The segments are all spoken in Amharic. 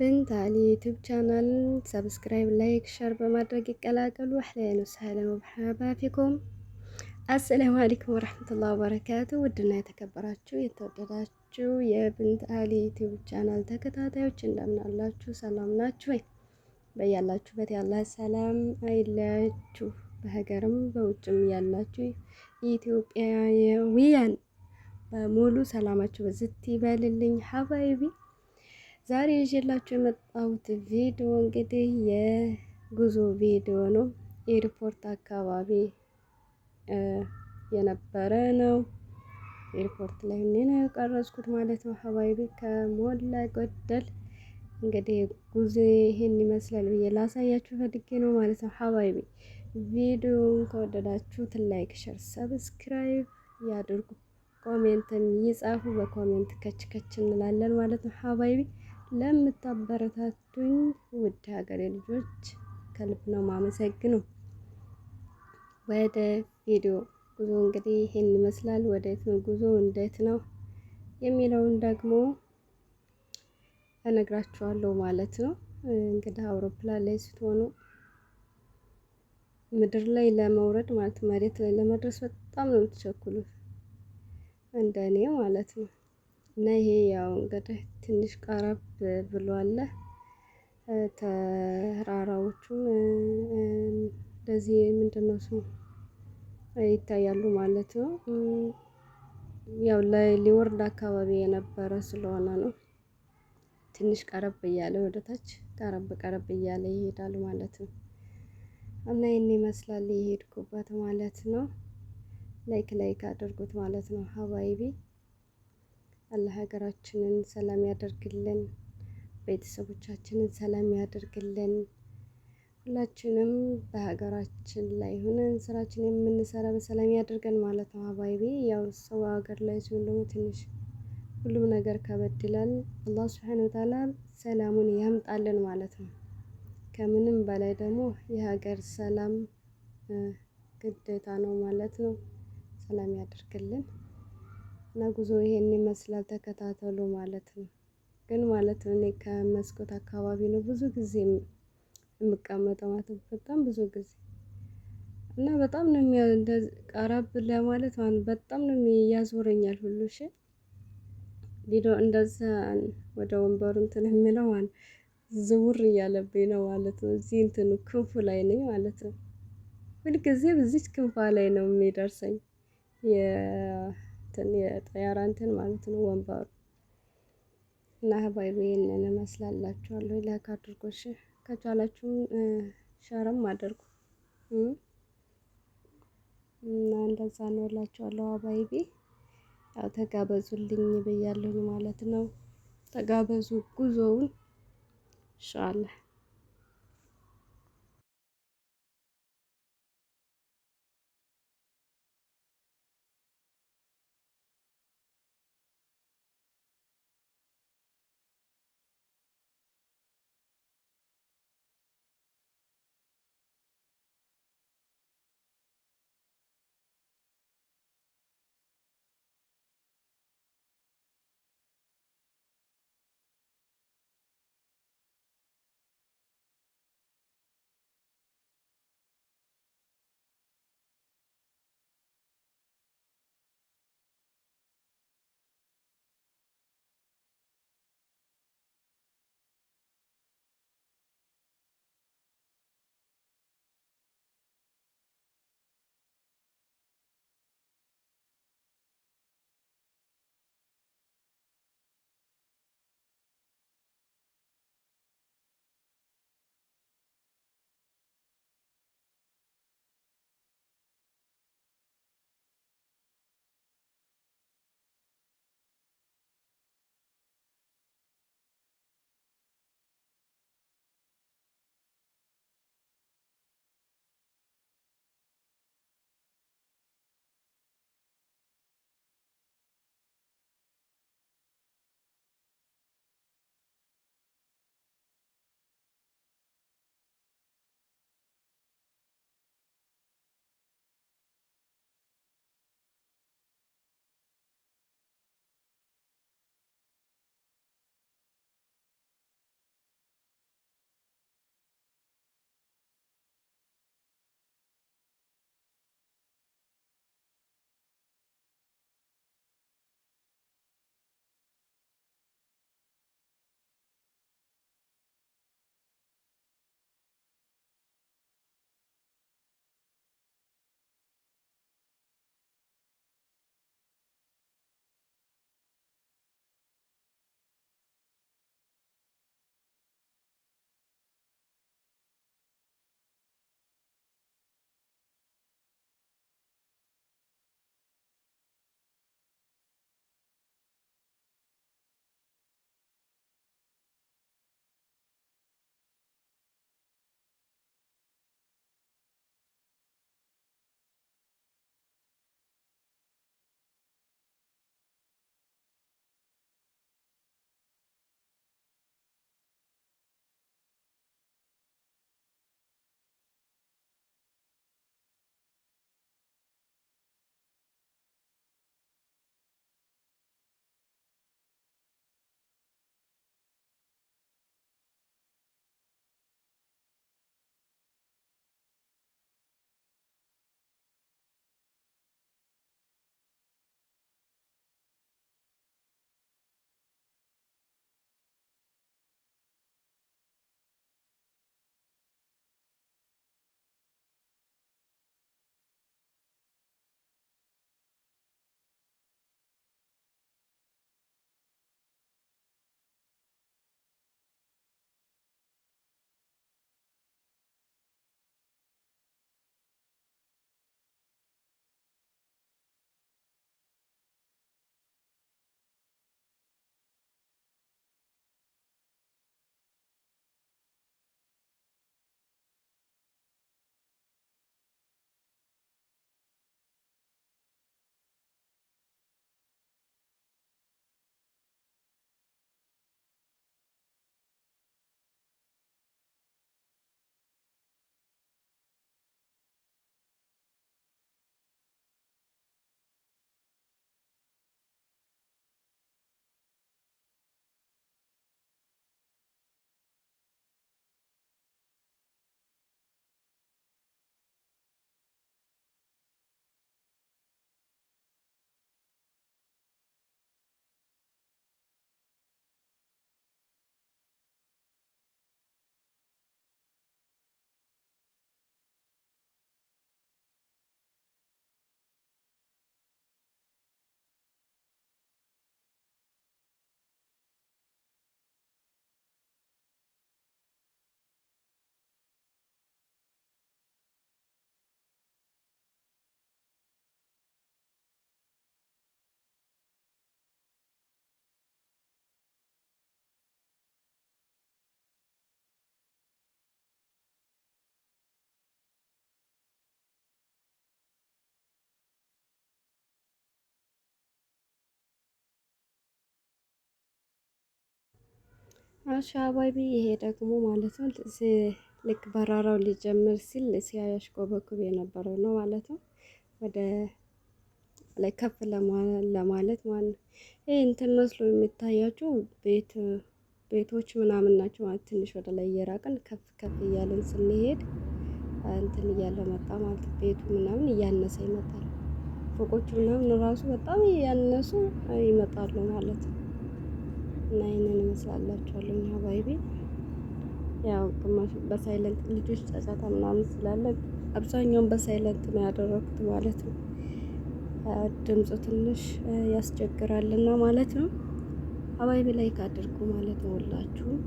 ብንታሊ ዩቲዩብ ቻናልን ሰብስክራይብ፣ ላይክ፣ ሸር በማድረግ ይቀላቀሉ። አህለን ወሰህለን ወመርሐባ ፊኩም። አሰላሙ አለይኩም ወራህመቱላሂ ወበረካቱ። ውድና የተከበራችሁ የተወደዳችሁ የብንታሊ ዩቲዩብ ቻናል ተከታታዮች እንደምን አላችሁ? ሰላም ናችሁ ወይ? በያላችሁበት ያላህ ሰላም አይለያችሁ። በሀገርም በውጭም ያላችሁ ኢትዮጵያውያን በሙሉ ሰላማችሁ በዝት ይበልልኝ ሀባይቢ ዛሬ ይዤላችሁ የመጣሁት ቪዲዮ እንግዲህ የጉዞ ቪዲዮ ነው። ኤርፖርት አካባቢ የነበረ ነው። ኤርፖርት ላይ ምን የቀረጽኩት ማለት ነው። ሀባይቢ ከሞላ ጎደል እንግዲህ ጉዞ ይሄን ይመስላል ብዬ ላሳያችሁ ፈልጌ ነው ማለት ነው። ሀባይቢ ቪዲዮውን ከወደዳችሁት ላይክ፣ ሸር፣ ሰብስክራይብ ያድርጉ። ኮሜንትም ይጻፉ። በኮሜንት ከች ከች እንላለን ማለት ነው ሀባይቢ ለምታበረታቱኝ ውድ ሀገሬ ልጆች ከልብ ነው ማመሰግነው። ወደ ቪዲዮ ጉዞ እንግዲህ ይሄን ይመስላል። ወዴት ነው ጉዞ እንዴት ነው የሚለውን ደግሞ እነግራችኋለሁ ማለት ነው። እንግዲህ አውሮፕላን ላይ ስትሆኑ ምድር ላይ ለመውረድ ማለት መሬት ላይ ለመድረስ በጣም ነው የምትቸኩሉት፣ እንደኔ ማለት ነው። እና ይሄ ያው እንግዲህ ትንሽ ቀረብ ብሏል። ተራራዎቹ እንደዚህ ምንድን ነው ስሙ ይታያሉ ማለት ነው። ያው ሊወርድ አካባቢ የነበረ ስለሆነ ነው። ትንሽ ቀረብ እያለ ወደታች ቀረብ ቀረብ እያለ ይሄዳል ማለት ነው። እና ይህን ይመስላል የሄድኩበት ማለት ነው። ላይክ ላይክ አድርጉት ማለት ነው ሀባይቤ አላህ ሀገራችንን ሰላም ያደርግልን፣ ቤተሰቦቻችንን ሰላም ያደርግልን። ሁላችንም በሀገራችን ላይ ሆነን ስራችን የምንሰራ በሰላም ያደርገን ማለት ነው። አባይቢ ያው ሰው ሀገር ላይ ሲሆን ደግሞ ትንሽ ሁሉም ነገር ከበድላል አላህ ስብሐነ ወተዓላ ሰላሙን ያምጣልን ማለት ነው። ከምንም በላይ ደግሞ የሀገር ሰላም ግዴታ ነው ማለት ነው። ሰላም ያደርግልን። እና ጉዞ ይሄን ይመስላል። ተከታተሉ ማለት ነው። ግን ማለት እኔ ከመስኮት አካባቢ ነው ብዙ ጊዜ የምቀመጠው ማለት ነው። በጣም ብዙ ጊዜ እና በጣም ነው ቀረብ ለማለት በጣም ነው የሚያዞረኛል ሁሉ እሺ ሊዶ እንደዛ ወደ ወንበሩ እንትን የሚለው ዝውር እያለብኝ ነው ማለት ነው። እዚህ እንትኑ ክንፉ ላይ ነኝ ማለት ነው። ሁልጊዜ በዚች ክንፏ ላይ ነው የሚደርሰኝ። የ እንትን የጠያራ እንትን ማለት ነው ወንበሩ እና ህባይቤ ይህንን እመስላላችኋለሁ። ላይክ አድርጎ ከቻላችሁም ሸርም አድርጉ እና እንደዛ ነው እላችኋለሁ። አባይቤ ያው ተጋበዙልኝ ብያለሁኝ ማለት ነው። ተጋበዙ ጉዞውን ኢንሻአላህ አሻባቢ አባቢ ይሄ ደግሞ ማለት ነው ልክ በራራው ሊጀምር ሲል ጎበኩብ የነበረው ነው ማለት ነው። ወደ ላይ ከፍ ለማለት ማለት ነው። ይሄ እንትን መስሎ የሚታያቸው ቤት ቤቶች ምናምን ናቸው ማለት ትንሽ ወደ ላይ እየራቅን ከፍ ከፍ እያለን ስንሄድ እንትን እያለ መጣ ማለት ቤቱ ምናምን እያነሰ ይመጣል። ፎቆቹ ምናምን ራሱ በጣም እያነሱ ይመጣሉ ማለት ነው። እና ይህንን ይመስላላችኋል። ሀባይቢ ያው ግማሽ በሳይለንት ልጆች ጫጫታ ምናምን ስላለ አብዛኛውን በሳይለንት ነው ያደረኩት ማለት ነው። ድምፁ ትንሽ ያስቸግራል እና ማለት ነው። ሀባይቢ ላይክ አድርጉ ማለት ነው። ሁላችሁም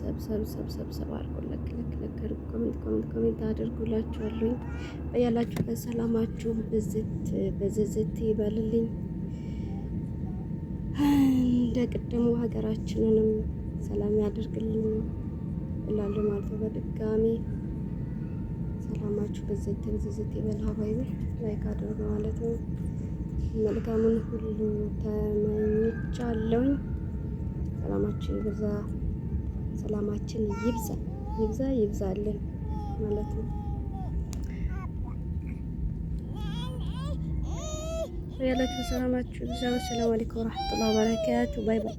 ሰብሰብ ሰብሰብ ሰብ አድርጎ ለክ ለክ ለክ ኮሜንት ኮሜንት ኮሜንት አድርጉላችኋለሁ። በያላችሁበት ሰላማችሁ ብዝት በዝዝት ይበልልኝ። እንደ ቅድሙ ሀገራችንንም ሰላም ያደርግልን እላለሁ ማለት ነው። በድጋሚ ሰላማችሁ በዘት ብዝዝት ይበል። ሀባይ ላይክ አድርጉ ማለት ነው። መልካሙን ሁሉ ተመኝቻለሁኝ። ሰላማችን ይብዛ፣ ሰላማችን ይብዛ፣ ይብዛ ይብዛልን ማለት ነው። ያላችሁ ሰላማችሁ ብዛው። ሰላም አለይኩም ወራህመቱላሂ ወበረካቱ። ባይ ባይ።